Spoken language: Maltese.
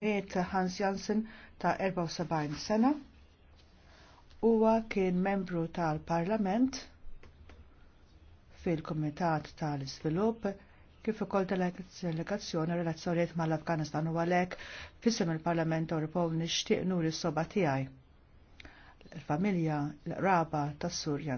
Miet Hans Jansen ta' 74 sena. Huwa kien membru tal-Parlament fil-Kumitat tal svilup kif ukoll delegazzjoni relazzjonijiet mal-Afganistan u għalhekk fisem il-Parlament Ewropew nixtieq nuri s soba tiegħi. Il-familja l-raba tas-Surja